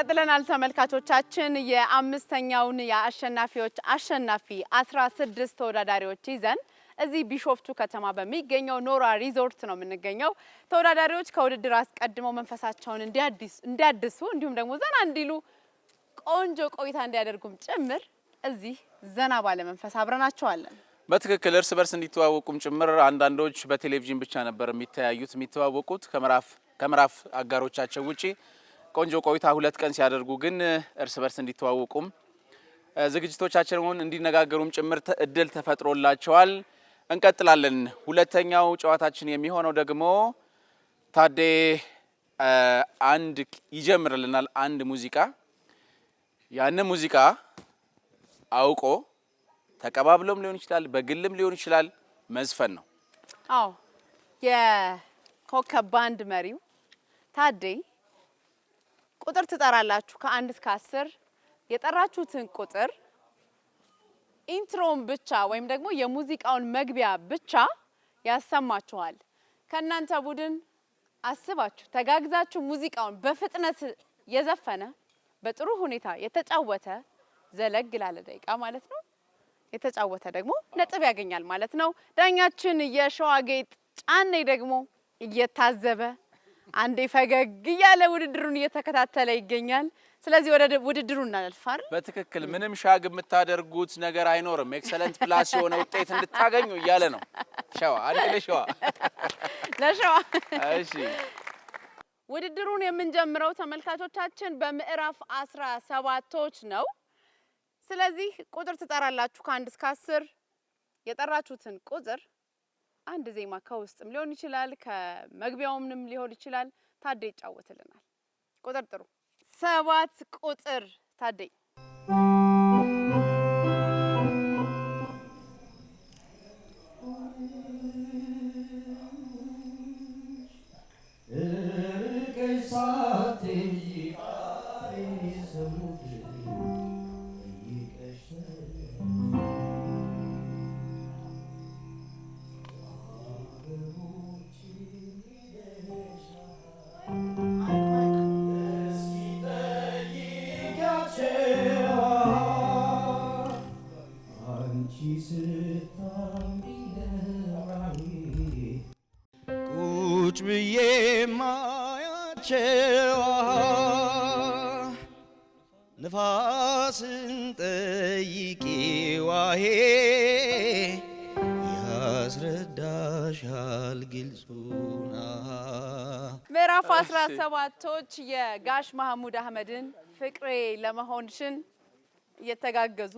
ቀጥለናል ተመልካቾቻችን። የአምስተኛውን የአሸናፊዎች አሸናፊ አስራ ስድስት ተወዳዳሪዎች ይዘን እዚህ ቢሾፍቱ ከተማ በሚገኘው ኖራ ሪዞርት ነው የምንገኘው። ተወዳዳሪዎች ከውድድር አስቀድመው መንፈሳቸውን እንዲያድሱ እንዲሁም ደግሞ ዘና እንዲሉ ቆንጆ ቆይታ እንዲያደርጉም ጭምር እዚህ ዘና ባለ መንፈስ አብረናቸዋለን። በትክክል እርስ በርስ እንዲተዋወቁም ጭምር አንዳንዶች በቴሌቪዥን ብቻ ነበር የሚተያዩት የሚተዋወቁት ከምዕራፍ አጋሮቻቸው ውጪ ቆንጆ ቆይታ ሁለት ቀን ሲያደርጉ ግን እርስ በርስ እንዲተዋወቁም ዝግጅቶቻቸውን እንዲነጋገሩም ጭምር እድል ተፈጥሮላቸዋል። እንቀጥላለን። ሁለተኛው ጨዋታችን የሚሆነው ደግሞ ታዴ አንድ ይጀምርልናል፣ አንድ ሙዚቃ። ያንን ሙዚቃ አውቆ ተቀባብሎም ሊሆን ይችላል፣ በግልም ሊሆን ይችላል መዝፈን ነው። አዎ የኮከብ ባንድ መሪው ታዴ ቁጥር ትጠራላችሁ ከአንድ እስከ አስር የጠራችሁትን ቁጥር ኢንትሮን ብቻ ወይም ደግሞ የሙዚቃውን መግቢያ ብቻ ያሰማችኋል። ከእናንተ ቡድን አስባችሁ ተጋግዛችሁ ሙዚቃውን በፍጥነት የዘፈነ በጥሩ ሁኔታ የተጫወተ ዘለግ ላለ ደቂቃ ማለት ነው የተጫወተ ደግሞ ነጥብ ያገኛል ማለት ነው። ዳኛችን የሸዋጌጥ ጫኔ ደግሞ እየታዘበ አንዴ ፈገግ እያለ ውድድሩን እየተከታተለ ይገኛል። ስለዚህ ወደ ውድድሩ እናልፋል። በትክክል ምንም ሻግ የምታደርጉት ነገር አይኖርም። ኤክሰለንት ፕላስ የሆነ ውጤት እንድታገኙ እያለ ነው። ሸዋ አንድ ለሸዋ ለሸዋ። እሺ ውድድሩን የምንጀምረው ተመልካቾቻችን በምዕራፍ አስራ ሰባቶች ነው። ስለዚህ ቁጥር ትጠራላችሁ ከአንድ እስከ አስር የጠራችሁትን ቁጥር አንድ ዜማ ከውስጥም ሊሆን ይችላል ከመግቢያውምንም ሊሆን ይችላል ታዴ ይጫወትልናል። ቁጥር ጥሩ ሰባት ቁጥር ታዴ አስራ ሰባቶች የጋሽ መሐሙድ አህመድን ፍቅሬ ለመሆንሽን እየተጋገዙ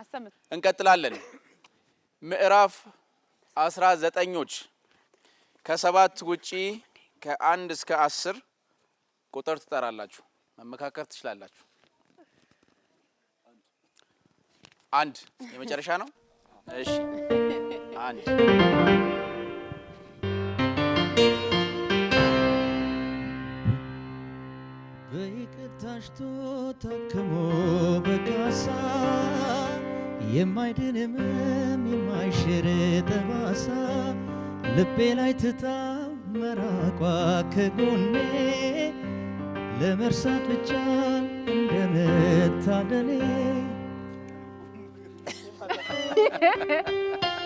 አሰምት እንቀጥላለን። ምዕራፍ አስራ ዘጠኞች ከሰባት ውጪ ከአንድ እስከ አስር ቁጥር ትጠራላችሁ፣ መመካከር ትችላላችሁ። አንድ የመጨረሻ ነው። እሺ አንድ ታሽቶ ታክሞ በካሳ የማይድን ሕመም የማይሽር ጠባሳ ልቤ ላይ ትታ መራቋ ከጎኔ ለመርሳት ብቻ እንደምታደሌ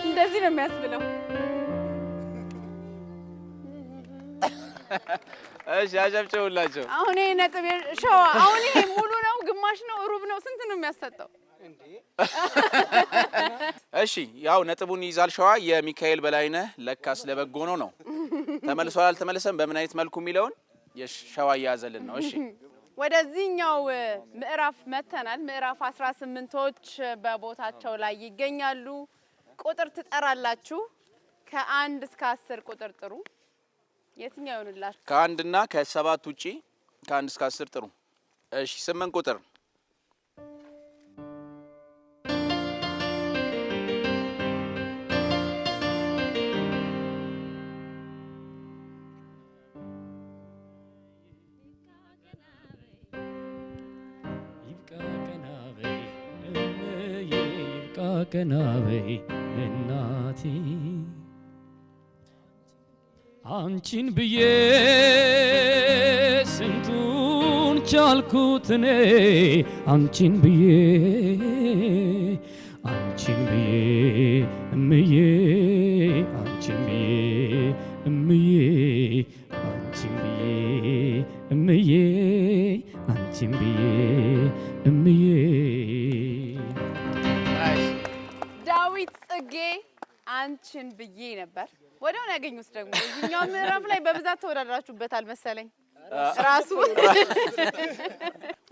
እንደዚህ ነው የሚያስብለው። እሺ አጨብጭቡላቸው። አሁን ይሄ ነጥብ ሸዋ አሁን ይሄ ሙሉ ነው፣ ግማሽ ነው፣ ሩብ ነው፣ ስንት ነው የሚያሰጠው? እሺ ያው ነጥቡን ይይዛል ሸዋ። የሚካኤል በላይነህ ለካስ ለበጎ ነው ነው ተመልሷል አልተመለሰም፣ በምን አይነት መልኩ የሚለውን ሸዋ እያያዘልን ነው። እሺ ወደዚህኛው ምዕራፍ መተናል። ምዕራፍ 18 ስምንቶች በቦታቸው ላይ ይገኛሉ። ቁጥር ትጠራላችሁ ከአንድ እስከ አስር ቁጥር ጥሩ የትኛው ይሆንላችሁ? ከአንድና ከሰባት ውጪ ከአንድ እስከ አስር ጥሩ። እሺ ስምንት ቁጥር ቀናበይ እናቴ አንቺን ብዬ ስንቱን ቻልኩት እኔ አንቺን ብዬ አንቺን ብዬ እምዬ አንቺን ብዬ እምዬ አንቺን ብዬ እምዬ አንቺን ብዬ እምዬ ዳዊት ጽጌ አንቺን ብዬ ነበር። ወዲያውን ያገኙት ደግሞ እዚህኛው ምዕራፍ ላይ በብዛት ተወዳድራችሁበታል መሰለኝ። ራሱ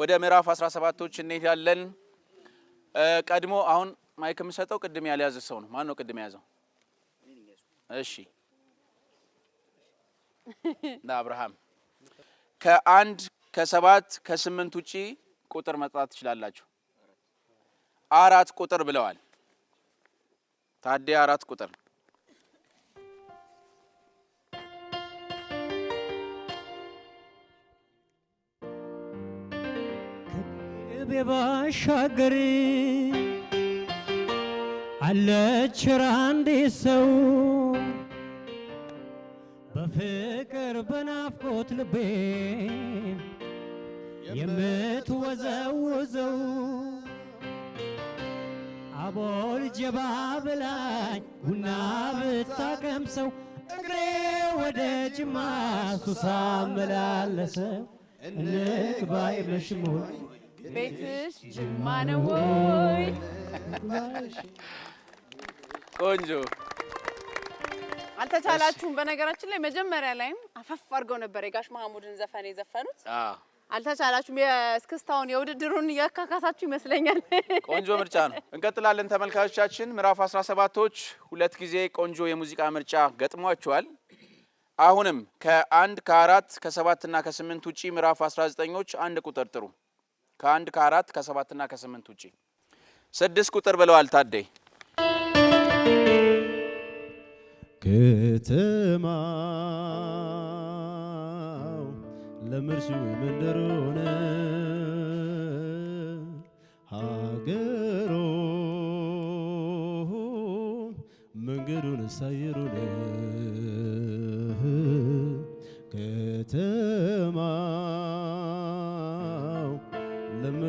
ወደ ምዕራፍ 17ቶች ያለን ቀድሞ አሁን ማይክ የምሰጠው ቅድም ያልያዘ ሰው ነው። ማን ነው ቅድም የያዘው? እሺ ና አብርሃም። ከአንድ ከሰባት ከስምንት ውጪ ቁጥር መጥራት ትችላላችሁ። አራት ቁጥር ብለዋል። ታዲያ አራት ቁጥር ከልቤ ባሻገር አለች ራንዴ ሰው በፍቅር በናፍቆት ልቤ የምትወዘውዘው አቦል ጀባ ብላኝ ቡና ብታቀምሰው እግሬ ወደ ጅማ ሱሳ መላለሰ እንቅባይ መሽሞኝ ቤትሽ ጅማ ነው ወይ? ቆንጆ አልተቻላችሁም። በነገራችን ላይ መጀመሪያ ላይም አፈፍ አድርገው ነበር የጋሽ መሐሙድን ዘፈን የዘፈኑት። አልተቻላችሁም። የእስክስታውን የውድድሩን እያካካሳችሁ ይመስለኛል። ቆንጆ ምርጫ ነው። እንቀጥላለን። ተመልካቾቻችን ምዕራፍ 17 ሰባቶች ሁለት ጊዜ ቆንጆ የሙዚቃ ምርጫ ገጥሟቸዋል አሁንም ከአንድ ከአራት ከሰባትና ከስምንት ውጪ ምዕራፍ 19ኞች አንድ ቁጥር ጥሩ ከአንድ ከአራት ከሰባትና ከስምንት ውጪ ስድስት ቁጥር ብለዋል ታደይ ከተማው ለምርሲው መንደር ሆነ ሀገሮ መንገዱን ሳይሩነ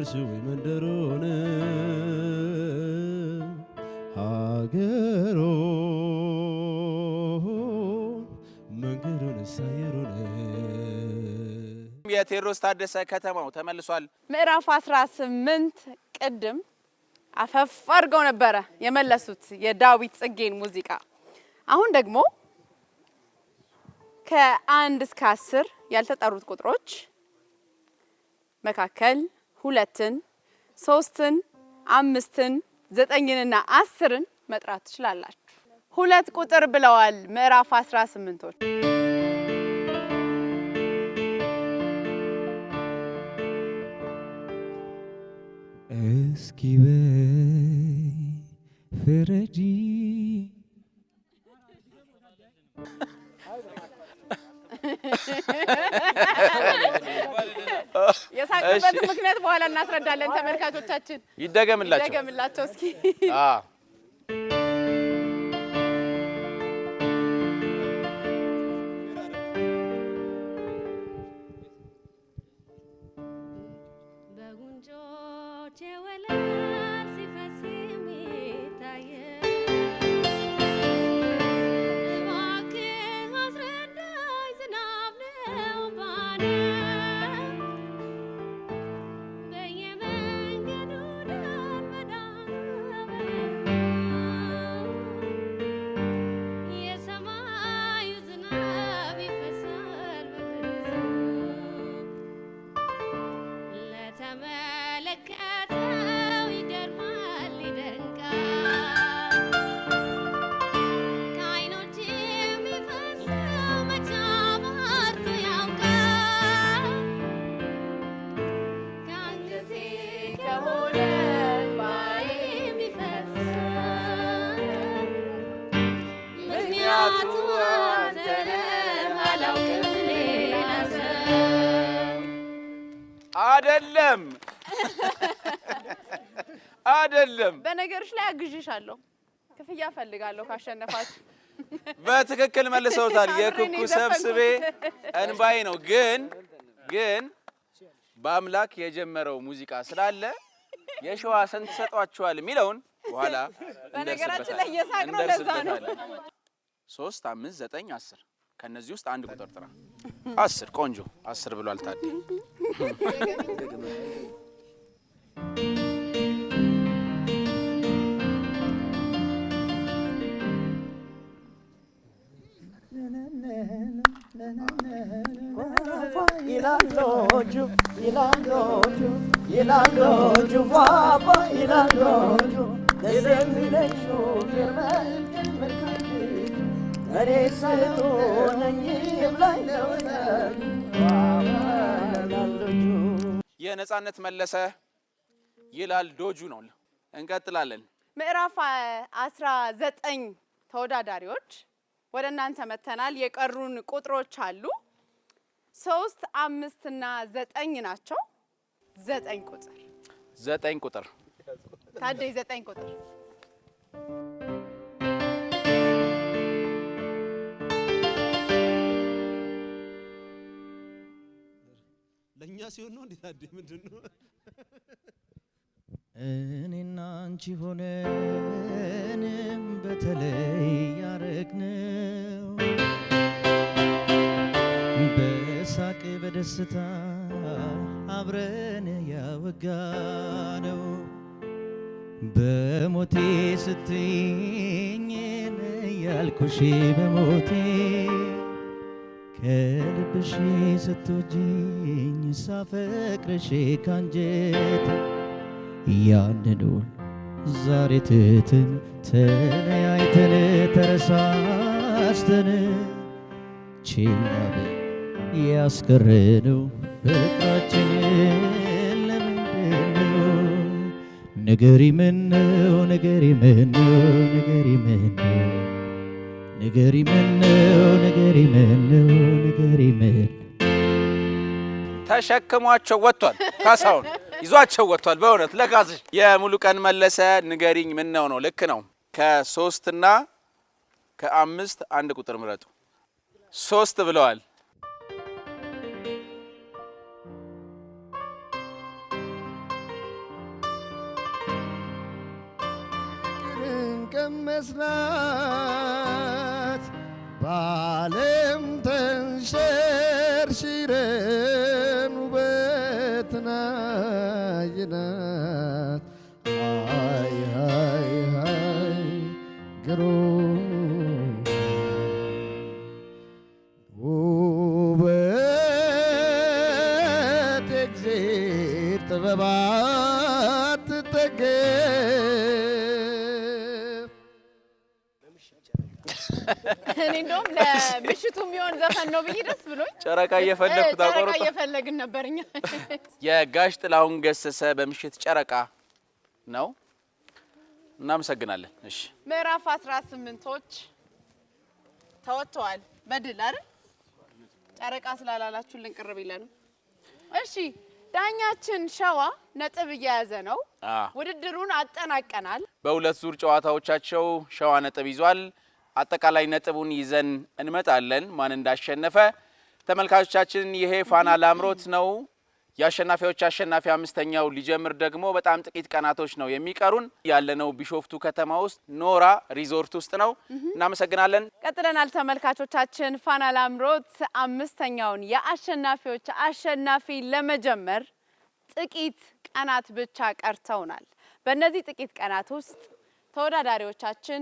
የስዊ ሀገሮ መንገዱን ሳየሩን የቴዎድሮስ ታደሰ ከተማው ተመልሷል። ምዕራፍ 18 ቅድም አፈፍ አድርገው ነበረ የመለሱት የዳዊት ጽጌን ሙዚቃ። አሁን ደግሞ ከአንድ እስከ አስር ያልተጠሩት ቁጥሮች መካከል ሁለትን፣ ሶስትን፣ አምስትን፣ ዘጠኝንና አስርን መጥራት ትችላላችሁ። ሁለት ቁጥር ብለዋል ምዕራፍ አስራ ስምንቶች እስኪ በይ ፍረጂ የሳቅበት ምክንያት በኋላ እናስረዳለን። ተመልካቾቻችን ይደገምላቸው ይደገምላቸው እስኪ አደለም አደለም። በነገሮች ላይ አግዥሻለሁ። ክፍያ ፈልጋለሁ ካሸነፋችሁ። በትክክል መልሰውታል። የኩኩ ሰብስቤ እንባዬ ነው። ግን ግን በአምላክ የጀመረው ሙዚቃ ስላለ የሸዋ ስንት ሰጧችኋል የሚለውን በኋላ በነገራችን ላይ እየሳቅ ነው። ለዛ ነው ሶስት አምስት ዘጠኝ አስር ከእነዚህ ውስጥ አንድ ቁጥር ጥራ አስር ቆንጆ አስር ብሏል። ይላሎ ይላሉ እኔ ስቶነኝ ብላኝ የነጻነት መለሰ ይላል ዶጁ ነው። እንቀጥላለን። ምዕራፍ አስራ ዘጠኝ ተወዳዳሪዎች ወደ እናንተ መተናል። የቀሩን ቁጥሮች አሉ። ሶስት አምስት እና ዘጠኝ ናቸው። ዘጠኝ ቁጥር ዘጠኝ ቁጥር ታዲያ ዘጠኝ ቁጥር እኛ ሲሆን ነው እንዴ? አዴ ምንድን ነው እኔና አንቺ ሆነንም በተለይ ያረግነው በሳቅ በደስታ አብረን ያወጋነው በሞቴ ስትይኝ ያልኩሽ በሞቴ ከልብሽ ስትወጂኝ ሳፈቅርሽ ካንጀት ያንን ውል ዛሬ ትተን ተለያይተን ተረሳስተን ችላ ያስቀረነው ፍቅራችንን ለምንድነው? ነገሪ ምነው ነገሪ ምነው ነገሪ ምነው ነገሪ ምነው ነገሪ ምነው ተሸክሟቸው ወጥቷል። ካሳሁን ይዟቸው ወጥቷል። በእውነት ለካስሽ ቀን መለሰ ንገሪኝ ምን ነው ነው ልክ ነው። ከሶስትና ከአምስት አንድ ቁጥር ምረጡ። ሶስት ብለዋል። መስላት ባለም Jagannath. Hai Hai Hai Guru. Ubet exit vabat tagit. እኔ እንደውም ለምሽቱ የሚሆን ዘፈን ነው ብዬ ደስ ብሎኝ ጨረቃ እየፈለግኩ ጨረቃ እየፈለግን ነበር እኛ። የጋሽ ጥላሁን ገሰሰ በምሽት ጨረቃ ነው። እናመሰግናለን። እሺ ምዕራፍ አስራ ስምንቶች ተወጥተዋል በድል አይደል? ጨረቃ ስላላላችሁልን ቅርብ ይለን እሺ ዳኛችን ሸዋ ነጥብ እየያዘ ነው። ውድድሩን አጠናቀናል። በሁለት ዙር ጨዋታዎቻቸው ሸዋ ነጥብ ይዟል። አጠቃላይ ነጥቡን ይዘን እንመጣለን። ማን እንዳሸነፈ ተመልካቾቻችን፣ ይሄ ፋና ላምሮት ነው። የአሸናፊዎች አሸናፊ አምስተኛው ሊጀምር ደግሞ በጣም ጥቂት ቀናቶች ነው የሚቀሩን። ያለነው ቢሾፍቱ ከተማ ውስጥ ኖራ ሪዞርት ውስጥ ነው። እናመሰግናለን። ቀጥለናል ተመልካቾቻችን። ፋና ላምሮት አምስተኛውን የአሸናፊዎች አሸናፊ ለመጀመር ጥቂት ቀናት ብቻ ቀርተውናል። በእነዚህ ጥቂት ቀናት ውስጥ ተወዳዳሪዎቻችን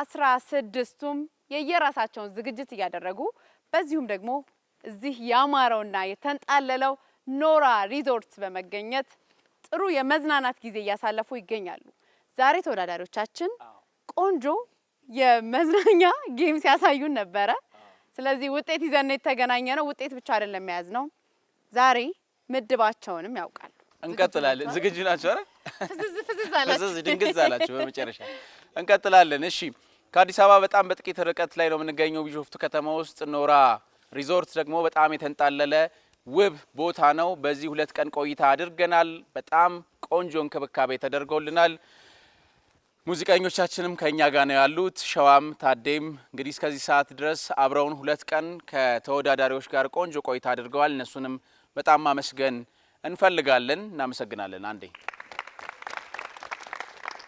አስራ ስድስቱም የየራሳቸውን ዝግጅት እያደረጉ በዚሁም ደግሞ እዚህ ያማረውና የተንጣለለው ኖራ ሪዞርት በመገኘት ጥሩ የመዝናናት ጊዜ እያሳለፉ ይገኛሉ። ዛሬ ተወዳዳሪዎቻችን ቆንጆ የመዝናኛ ጌም ሲያሳዩን ነበረ። ስለዚህ ውጤት ይዘን የተገናኘ ነው። ውጤት ብቻ አይደለም የያዝ ነው። ዛሬ ምድባቸውንም ያውቃሉ። እንቀጥላለን። ዝግጁ ናቸው? አረ ፍዝዝ ድንግዝ አላቸው። በመጨረሻ እንቀጥላለን። እሺ፣ ከአዲስ አበባ በጣም በጥቂት ርቀት ላይ ነው የምንገኘው ቢሾፍቱ ከተማ ውስጥ ኖራ ሪዞርት ደግሞ በጣም የተንጣለለ ውብ ቦታ ነው። በዚህ ሁለት ቀን ቆይታ አድርገናል። በጣም ቆንጆ እንክብካቤ ተደርጎልናል። ሙዚቀኞቻችንም ከእኛ ጋር ነው ያሉት። ሸዋም ታዴም እንግዲህ እስከዚህ ሰዓት ድረስ አብረውን ሁለት ቀን ከተወዳዳሪዎች ጋር ቆንጆ ቆይታ አድርገዋል። እነሱንም በጣም ማመስገን እንፈልጋለን። እናመሰግናለን። አንዴ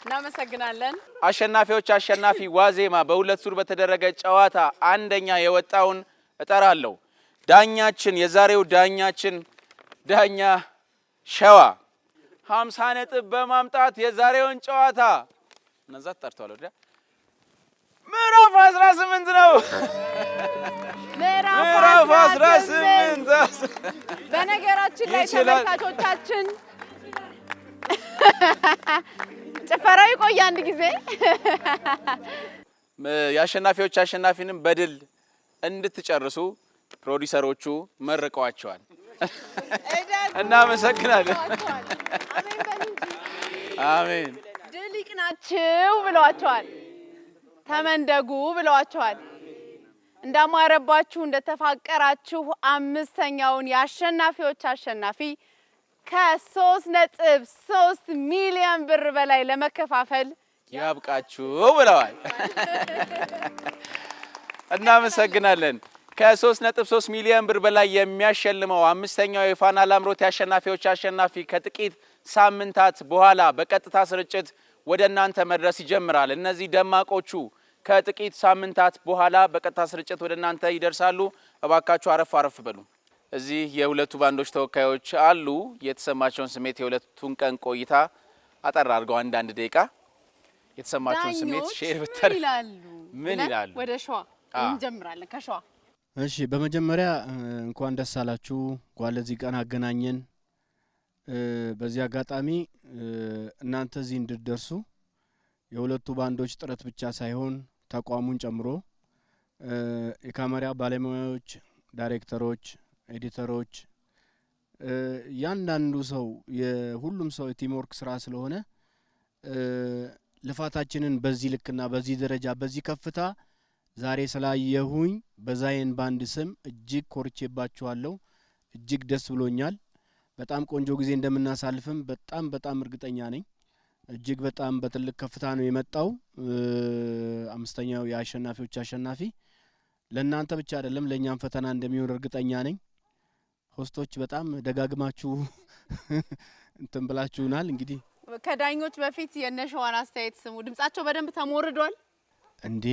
እናመሰግናለን። አሸናፊዎች አሸናፊ ዋዜማ በሁለት ዙር በተደረገ ጨዋታ አንደኛ የወጣውን እጠራለሁ። ዳኛችን የዛሬው ዳኛችን ዳኛ ሸዋ ሀምሳ ነጥብ በማምጣት የዛሬውን ጨዋታ እነዛ ተጠርተዋል። ወደ ምዕራፍ አስራ ስምንት ነው። ምዕራፍ አስራ ስምንት በነገራችን ላይ ተመልካቾቻችን ጭፈራው ይቆየ አንድ ጊዜ የአሸናፊዎች አሸናፊንም በድል እንድትጨርሱ ፕሮዲሰሮቹ መርቀዋቸዋል። እናመሰግናለን። አሜን። ድል ይቅናችሁ ብለዋቸዋል። ተመንደጉ ብለዋቸዋል። እንዳማረባችሁ እንደተፋቀራችሁ አምስተኛውን የአሸናፊዎች አሸናፊ ከሶስት ነጥብ ሶስት ሚሊዮን ብር በላይ ለመከፋፈል ያብቃችሁ ብለዋል። እናመሰግናለን። ከሶስት ነጥብ ሶስት ሚሊዮን ብር በላይ የሚያሸልመው አምስተኛው የፋና ላምሮት የአሸናፊዎች አሸናፊ ከጥቂት ሳምንታት በኋላ በቀጥታ ስርጭት ወደ እናንተ መድረስ ይጀምራል። እነዚህ ደማቆቹ ከጥቂት ሳምንታት በኋላ በቀጥታ ስርጭት ወደ እናንተ ይደርሳሉ። እባካችሁ አረፍ አረፍ በሉ። እዚህ የሁለቱ ባንዶች ተወካዮች አሉ። የተሰማቸውን ስሜት የሁለቱን ቀን ቆይታ አጠር አድርገው አንዳንድ ደቂቃ የተሰማቸውን ስሜት ሼር ብታል ምን ይላሉ? ወደ ሸዋ እንጀምራለን። ከሸዋ እሺ፣ በመጀመሪያ እንኳን ደስ አላችሁ፣ እንኳን ለዚህ ቀን አገናኘን። በዚህ አጋጣሚ እናንተ እዚህ እንድትደርሱ የሁለቱ ባንዶች ጥረት ብቻ ሳይሆን ተቋሙን ጨምሮ የካሜራ ባለሙያዎች፣ ዳይሬክተሮች፣ ኤዲተሮች እያንዳንዱ ሰው የሁሉም ሰው የቲምወርክ ስራ ስለሆነ ልፋታችንን በዚህ ልክና በዚህ ደረጃ በዚህ ከፍታ ዛሬ ስላየሁኝ በዛይን ባንድ ስም እጅግ ኮርቼባችኋለሁ። እጅግ ደስ ብሎኛል። በጣም ቆንጆ ጊዜ እንደምናሳልፍም በጣም በጣም እርግጠኛ ነኝ። እጅግ በጣም በትልቅ ከፍታ ነው የመጣው። አምስተኛው የአሸናፊዎች አሸናፊ ለእናንተ ብቻ አይደለም ለእኛም ፈተና እንደሚሆን እርግጠኛ ነኝ። ሆስቶች በጣም ደጋግማችሁ እንትን ብላችሁናል። እንግዲህ ከዳኞች በፊት የነሸዋን አስተያየት ስሙ። ድምጻቸው በደንብ ተሞርዷል እንዴ?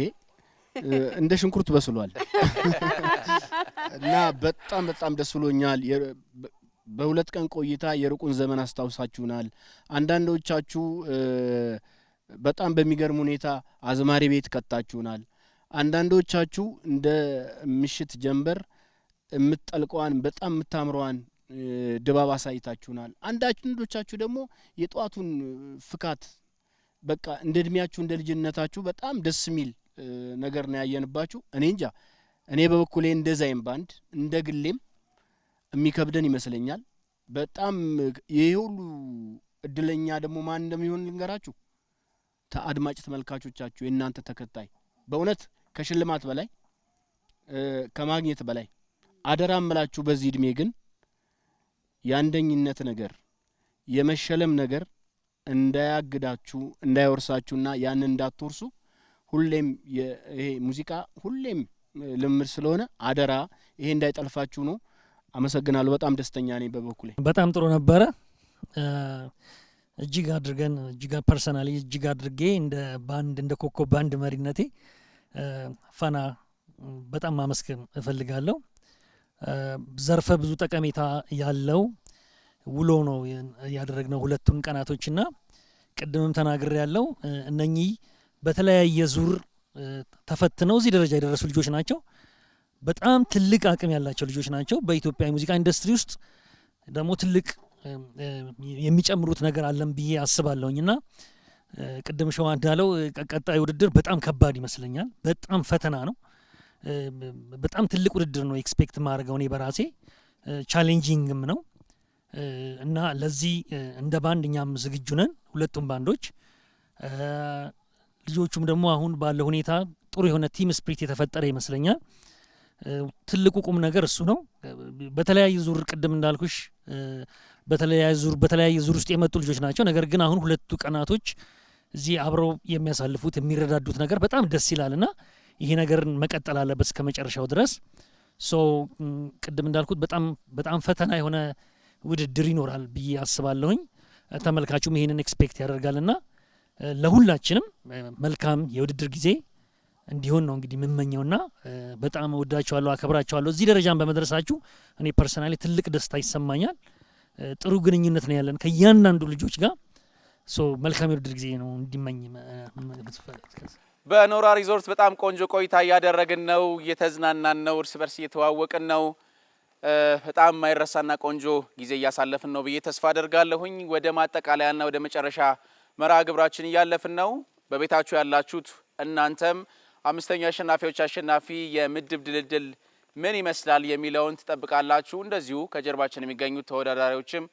እንደ ሽንኩርት በስሏል እና በጣም በጣም ደስ ብሎኛል። በሁለት ቀን ቆይታ የሩቁን ዘመን አስታውሳችሁናል። አንዳንዶቻችሁ በጣም በሚገርም ሁኔታ አዝማሪ ቤት ከታችሁናል። አንዳንዶቻችሁ እንደ ምሽት ጀንበር የምትጠልቀዋን በጣም የምታምረዋን ድባብ አሳይታችሁናል። አንዳንዶቻችሁ ደግሞ የጠዋቱን ፍካት በቃ እንደ እድሜያችሁ እንደ ልጅነታችሁ በጣም ደስ የሚል ነገር ነው ያየንባችሁ። እኔ እንጃ እኔ በበኩሌ እንደ ዛይም ባንድ እንደ ግሌም የሚከብደን ይመስለኛል። በጣም ይሄ ሁሉ እድለኛ ደግሞ ማን እንደሚሆን ልንገራችሁ። አድማጭ ተመልካቾቻችሁ፣ የእናንተ ተከታይ በእውነት ከሽልማት በላይ ከማግኘት በላይ አደራ እምላችሁ በዚህ እድሜ ግን የአንደኝነት ነገር የመሸለም ነገር እንዳያግዳችሁ እንዳይወርሳችሁና ያን እንዳትወርሱ። ሁሌም ይሄ ሙዚቃ ሁሌም ልምድ ስለሆነ አደራ ይሄ እንዳይጠልፋችሁ ነው። አመሰግናለሁ። በጣም ደስተኛ ነኝ በበኩሌ። በጣም ጥሩ ነበረ። እጅግ አድርገን እጅግ ፐርሰናሊ እጅግ አድርጌ እንደ ባንድ እንደ ኮከብ ባንድ መሪነቴ ፋና በጣም ማመስገን እፈልጋለሁ። ዘርፈ ብዙ ጠቀሜታ ያለው ውሎ ነው ያደረግነው ሁለቱን ቀናቶችና ቅድምም ተናግሬ ያለው እነኚህ በተለያየ ዙር ተፈትነው እዚህ ደረጃ የደረሱ ልጆች ናቸው። በጣም ትልቅ አቅም ያላቸው ልጆች ናቸው። በኢትዮጵያ የሙዚቃ ኢንዱስትሪ ውስጥ ደግሞ ትልቅ የሚጨምሩት ነገር አለም ብዬ አስባለሁኝ እና ቅድም ሸዋ እንዳለው ቀጣይ ውድድር በጣም ከባድ ይመስለኛል። በጣም ፈተና ነው። በጣም ትልቅ ውድድር ነው ኤክስፔክት ማድረገው እኔ በራሴ ቻሌንጂንግም ነው እና ለዚህ እንደ ባንድ እኛም ዝግጁ ነን፣ ሁለቱም ባንዶች። ልጆቹም ደግሞ አሁን ባለው ሁኔታ ጥሩ የሆነ ቲም ስፕሪት የተፈጠረ ይመስለኛል። ትልቁ ቁም ነገር እሱ ነው። በተለያየ ዙር ቅድም እንዳልኩሽ በተለያየ ዙር በተለያየ ዙር ውስጥ የመጡ ልጆች ናቸው። ነገር ግን አሁን ሁለቱ ቀናቶች እዚህ አብረው የሚያሳልፉት የሚረዳዱት ነገር በጣም ደስ ይላል እና ይሄ ነገርን መቀጠል አለበት እስከ መጨረሻው ድረስ። ሶ ቅድም እንዳልኩት በጣም በጣም ፈተና የሆነ ውድድር ይኖራል ብዬ አስባለሁኝ። ተመልካቹም ይህንን ኤክስፔክት ያደርጋልና ለሁላችንም መልካም የውድድር ጊዜ እንዲሆን ነው እንግዲህ የምመኘውና በጣም ወዳቸዋለሁ፣ አከብራቸዋለሁ። እዚህ ደረጃን በመድረሳችሁ እኔ ፐርሰናሊ ትልቅ ደስታ ይሰማኛል። ጥሩ ግንኙነት ነው ያለን ከእያንዳንዱ ልጆች ጋር። መልካም የውድድር ጊዜ ነው እንዲመኝ በኖራ ሪዞርት በጣም ቆንጆ ቆይታ እያደረግን ነው፣ እየተዝናናን ነው፣ እርስ በርስ እየተዋወቅን ነው። በጣም ማይረሳና ቆንጆ ጊዜ እያሳለፍን ነው ብዬ ተስፋ አደርጋለሁኝ። ወደ ማጠቃለያና ወደ መጨረሻ መርሃ ግብራችን እያለፍን ነው። በቤታችሁ ያላችሁት እናንተም አምስተኛው የአሸናፊዎች አሸናፊ የምድብ ድልድል ምን ይመስላል የሚለውን ትጠብቃላችሁ። እንደዚሁ ከጀርባችን የሚገኙት ተወዳዳሪዎችም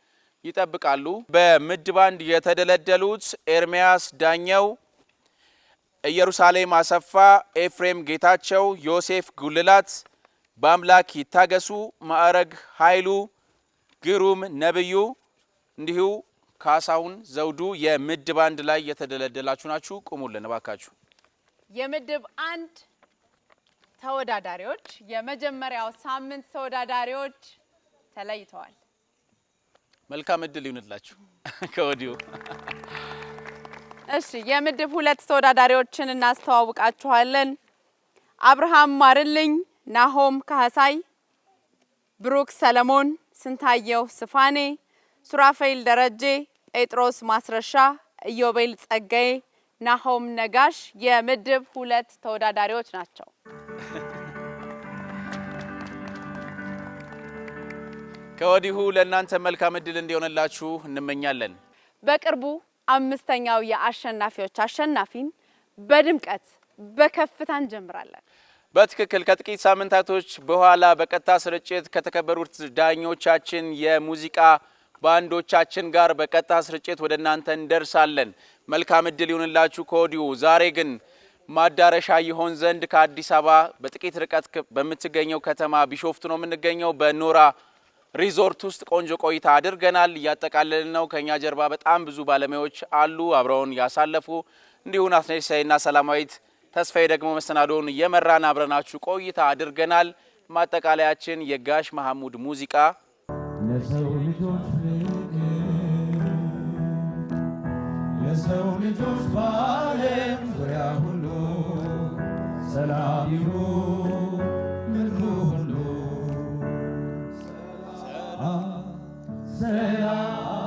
ይጠብቃሉ። በምድብ አንድ የተደለደሉት ኤርሚያስ ዳኘው፣ ኢየሩሳሌም አሰፋ፣ ኤፍሬም ጌታቸው፣ ዮሴፍ ጉልላት፣ በአምላክ ይታገሱ፣ ማዕረግ ኃይሉ፣ ግሩም ነብዩ እንዲሁ ካሳሁን ዘውዱ የምድብ አንድ ላይ የተደለደላችሁ ናችሁ። ቁሙልን እባካችሁ። የምድብ አንድ ተወዳዳሪዎች የመጀመሪያው ሳምንት ተወዳዳሪዎች ተለይተዋል። መልካም እድል ይሁንላችሁ ከወዲሁ። እሺ የምድብ ሁለት ተወዳዳሪዎችን እናስተዋውቃችኋለን። አብርሃም ማርልኝ፣ ናሆም ካህሳይ፣ ብሩክ ሰለሞን፣ ስንታየው ስፋኔ፣ ሱራፌል ደረጄ፣ ጴጥሮስ ማስረሻ፣ ኢዮቤል ጸጋዬ ናሆም ነጋሽ የምድብ ሁለት ተወዳዳሪዎች ናቸው። ከወዲሁ ለእናንተ መልካም እድል እንዲሆንላችሁ እንመኛለን። በቅርቡ አምስተኛው የአሸናፊዎች አሸናፊን በድምቀት በከፍታ እንጀምራለን። በትክክል ከጥቂት ሳምንታቶች በኋላ በቀጥታ ስርጭት ከተከበሩት ዳኞቻችን የሙዚቃ ባንዶቻችን ጋር በቀጥታ ስርጭት ወደ እናንተ እንደርሳለን። መልካም እድል ይሁንላችሁ ከወዲሁ። ዛሬ ግን ማዳረሻ ይሆን ዘንድ ከአዲስ አበባ በጥቂት ርቀት በምትገኘው ከተማ ቢሾፍቱ ነው የምንገኘው። በኖራ ሪዞርት ውስጥ ቆንጆ ቆይታ አድርገናል። እያጠቃለልን ነው። ከእኛ ጀርባ በጣም ብዙ ባለሙያዎች አሉ አብረውን ያሳለፉ። እንዲሁም አስነሳይና ሰላማዊት ተስፋዬ ደግሞ መሰናዶውን እየመራን አብረናችሁ ቆይታ አድርገናል። ማጠቃለያችን የጋሽ መሐሙድ ሙዚቃ să unii joși valem Vrea hulu Să-l-am iubit În ruhul lui